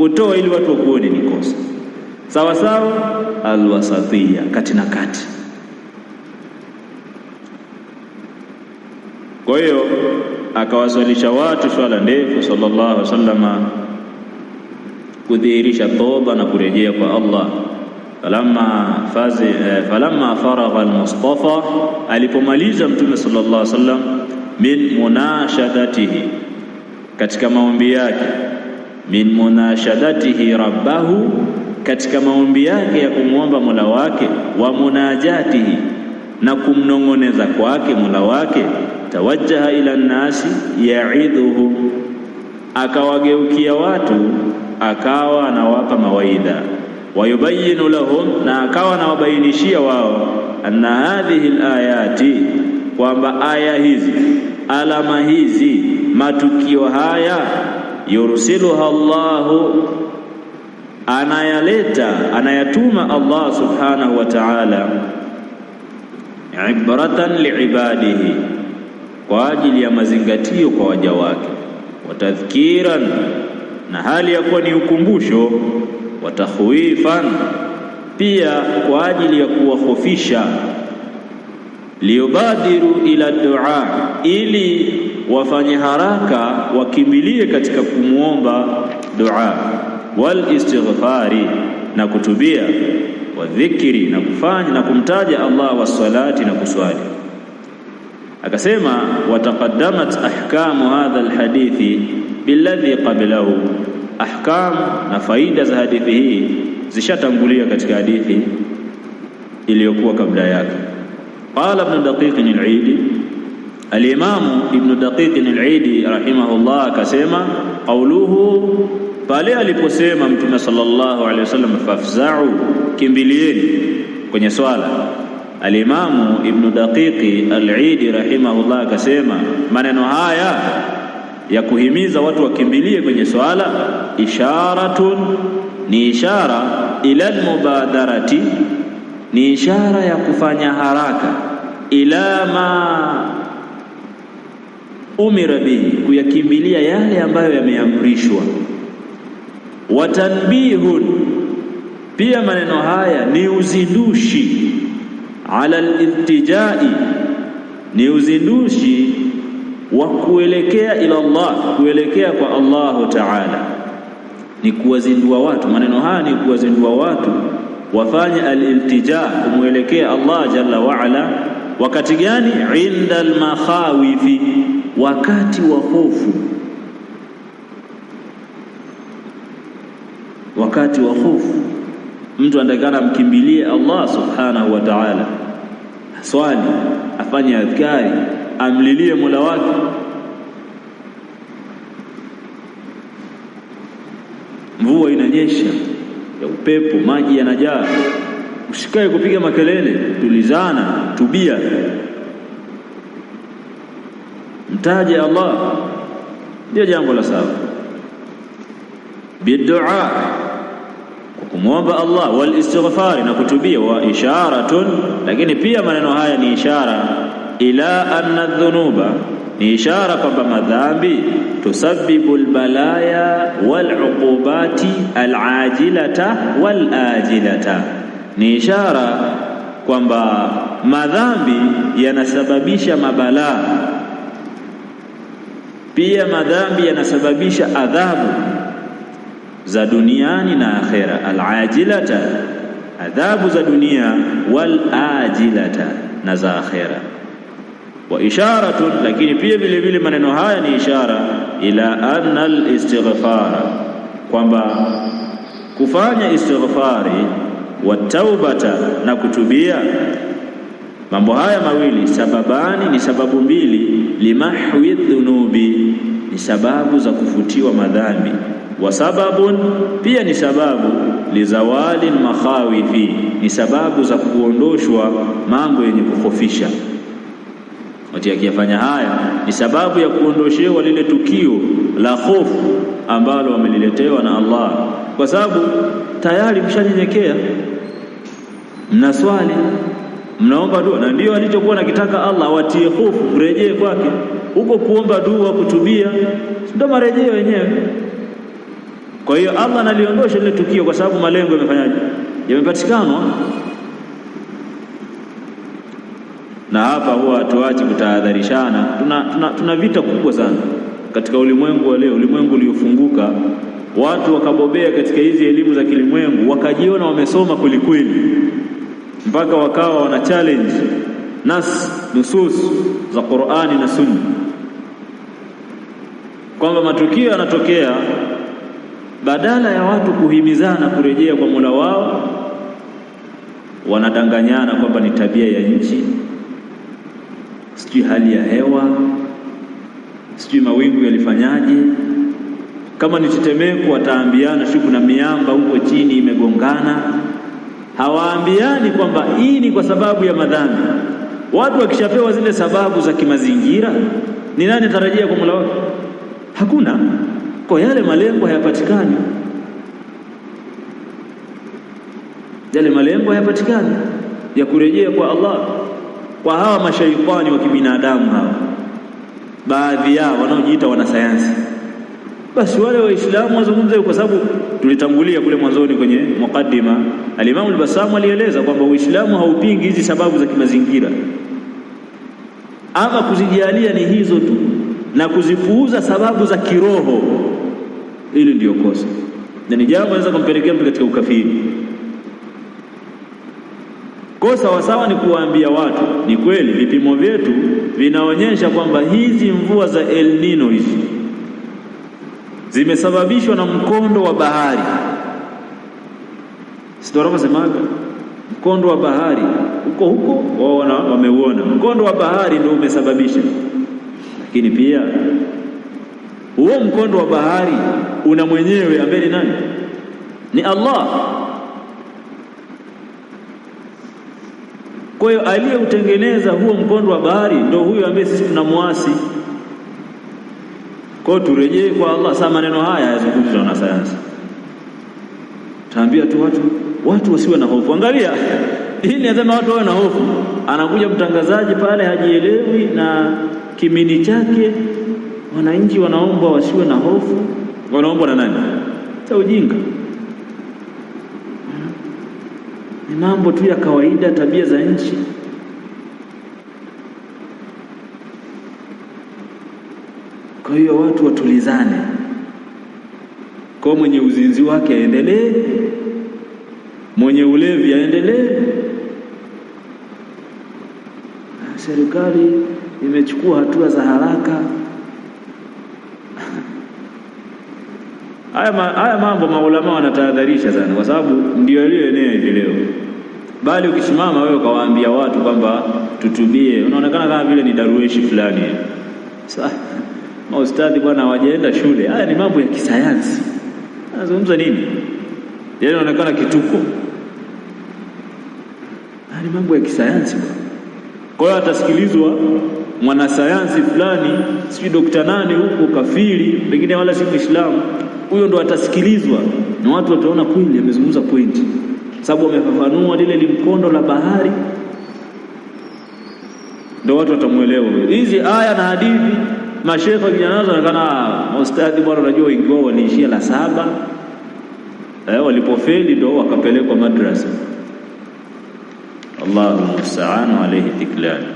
Kutoa ili watu wakuone ni kosa sawa sawa. Alwasatia, kati na kati. Kwa hiyo akawaswalisha watu swala ndefu, sallallahu alaihi wasallam, kudhihirisha toba na kurejea kwa Allah. Falamma eh, faragha almustafa, alipomaliza Mtume sallallahu alaihi wasallam min munashadatihi, katika maombi yake min munashadatihi rabbahu, katika maombi yake ya kumwomba mola wake, wa munajatihi, na kumnong'oneza kwake mola wake. Tawajjaha ila nnasi yaidhuhum, akawageukia watu akawa anawapa mawaidha. Wayubayinu lahum, na akawa anawabainishia wao, anna hadhihi alayati, kwamba aya hizi, alama hizi, matukio haya yursiluha Allahu, anayaleta anayatuma Allah subhanahu wa ta'ala, ibratan liibadihi, kwa ajili ya mazingatio kwa waja wake, watadhkiran, na hali ya kuwa ni ukumbusho, watakhwifan, pia kwa ajili ya kuwahofisha, liyubadiru ila dua ili wafanye haraka wakimbilie katika kumwomba dua, wal istighfari, na kutubia, wa dhikri, na kufanya na kumtaja Allah, salati na kuswali. Akasema wataqaddamat ahkamu hadha alhadithi billadhi qablahu, ahkam na faida za hadithi hii zishatangulia katika hadithi iliyokuwa kabla yake. Qala ibn daqiqin al aidi Alimamu Ibnu Daqiqi al-Idi rahimahullah akasema, qauluhu, pale aliposema Mtume sallallahu alaihi wasallam, fafza'u, kimbilieni kwenye swala. Alimamu Ibnu Daqiqi al-Idi rahimahullah akasema, maneno haya ya kuhimiza watu wakimbilie kwenye swala, isharatun, ni ishara, ila almubadarati, ni ishara ya kufanya haraka, ila ma umira bihi, kuyakimbilia yale ambayo yameamrishwa. Watanbihun, pia maneno haya ni uzindushi. Ala liltijai, ni uzindushi wa kuelekea ila Allah, kuelekea kwa Allahu taala, ni kuwazindua watu. Maneno haya ni kuwazindua watu wafanye aliltija, kumwelekea Allah jalla waala. Wakati gani? inda almakhawifi wakati wa hofu, wakati wa hofu mtu anatakana amkimbilie Allah subhanahu wa ta'ala, aswali, afanye adhkari, amlilie Mola wake. Mvua inanyesha ya upepo, maji yanajaa, usikae kupiga makelele, tulizana, tubia kumtaja Allah ndio jambo la sawa, bidua kwa kumwomba Allah, wal istighfari na kutubia, wa isharatun, lakini pia maneno haya ni ishara ila anna dhunuba ni ishara kwamba madhambi tusabibu lbalaya waluqubati alajilata walajilata, ni ishara kwamba madhambi yanasababisha mabalaa pia madhambi yanasababisha adhabu za duniani na akhera, alajilata, adhabu za dunia, walajilata, na za akhera. Wa isharatun, lakini pia vile vile maneno haya ni ishara ila anna alistighfara, kwamba kufanya istighfari wa taubata na kutubia Mambo haya mawili sababani, ni sababu mbili, limahwi dhunubi, ni sababu za kufutiwa madhambi, wa sababun, pia ni sababu lizawali makhawifi, ni sababu za kuondoshwa mambo yenye kukhofisha Wakati akiyafanya haya ni sababu ya kuondoshewa lile tukio la hofu ambalo wameliletewa na Allah, kwa sababu tayari mshanyenyekea, mnaswali mnaomba dua, na ndio alichokuwa nakitaka Allah watie hofu, mrejee kwake huko, kuomba dua, kutubia, ndio marejeo yenyewe. Kwa hiyo Allah analiondosha lile tukio kwa sababu malengo yamefanyaje, yamepatikanwa. Na hapa huwa hatuachi kutahadharishana. Tuna, tuna, tuna vita kubwa sana katika ulimwengu wa leo, ulimwengu uliofunguka. Watu wakabobea katika hizi elimu za kilimwengu, wakajiona wamesoma kwelikweli mpaka wakawa wana challenge nas nusus za Qur'ani na Sunna kwamba matukio yanatokea badala ya watu kuhimizana kurejea kwa Mola wao, wanadanganyana kwamba ni tabia ya nchi, sijui hali ya hewa, sijui mawingu yalifanyaje, kama ni tetemeko wataambiana shuku na miamba huko chini imegongana hawaambiani kwamba hii ni kwa sababu ya madhambi. Watu wakishapewa zile sababu za kimazingira, ni nani atarajia kwa Mola wake? Hakuna. Kwa yale malengo hayapatikani, yale malengo hayapatikani ya kurejea kwa Allah kwa hawa mashaitani wa kibinadamu hawa, baadhi yao wanaojiita wanasayansi basi wale Waislamu wazungumze, kwa sababu tulitangulia kule mwanzoni kwenye mukaddima, Alimamu Albasamu alieleza kwamba Uislamu haupingi hizi sababu za kimazingira, ama kuzijalia ni hizo tu na kuzipuuza sababu za kiroho, hili ndiyo kosa na ni jambo linaweza kumpelekea mtu katika ukafiri. Kwa sawasawa, ni kuwaambia watu ni kweli, vipimo vyetu vinaonyesha kwamba hizi mvua za El Nino hizi zimesababishwa na mkondo wa bahari. Sinaanavyosemaga mkondo wa bahari huko huko, wao wameuona mkondo wa bahari ndio umesababisha, lakini pia huo mkondo wa bahari una mwenyewe ambaye ni nani? Ni Allah. Kwa hiyo aliyeutengeneza huo mkondo wa bahari ndio huyo ambaye sisi tunamwasi. Kwa hiyo turejee kwa Allah. Saa maneno haya yazungumzwa na sayansi, taambia tu watu watu wasiwe na hofu. Angalia hii ni asema watu wawe na hofu. Anakuja mtangazaji pale hajielewi na kimini chake, wananchi wanaomba wasiwe na hofu. Wanaomba na nani? Sa ujinga ni mambo tu ya kawaida, tabia za nchi. Kwa hiyo watu watulizane, kwa mwenye uzinzi wake aendelee, mwenye ulevi aendelee. Serikali imechukua hatua za haraka. Haya, ma, haya mambo maulama wanatahadharisha sana, kwa sababu ndio yaliyoenea hivi leo. Bali ukisimama wewe ukawaambia watu kwamba tutubie, unaonekana kama vile ni darueshi fulani maustadhi bwana hawajaenda shule. Haya ni mambo ya kisayansi, anazungumza nini? anaonekana kituko, haya ni mambo ya kisayansi bwana. Kwa hiyo atasikilizwa mwanasayansi fulani, sijui dokta nani huko, kafiri pengine, wala si Muislamu, huyo ndo atasikilizwa na watu wataona kweli amezungumza pointi, sababu wamefafanua lile limkondo la bahari, ndo watu watamwelewa hizi aya na hadithi Mashekhe wa kijanaza wanakana ah, ustadhi, bwana, unajua wengi wao waliishia la saba eh, walipofeli ndo wakapelekwa madrasa. Allahu musta'an alayhi tiklani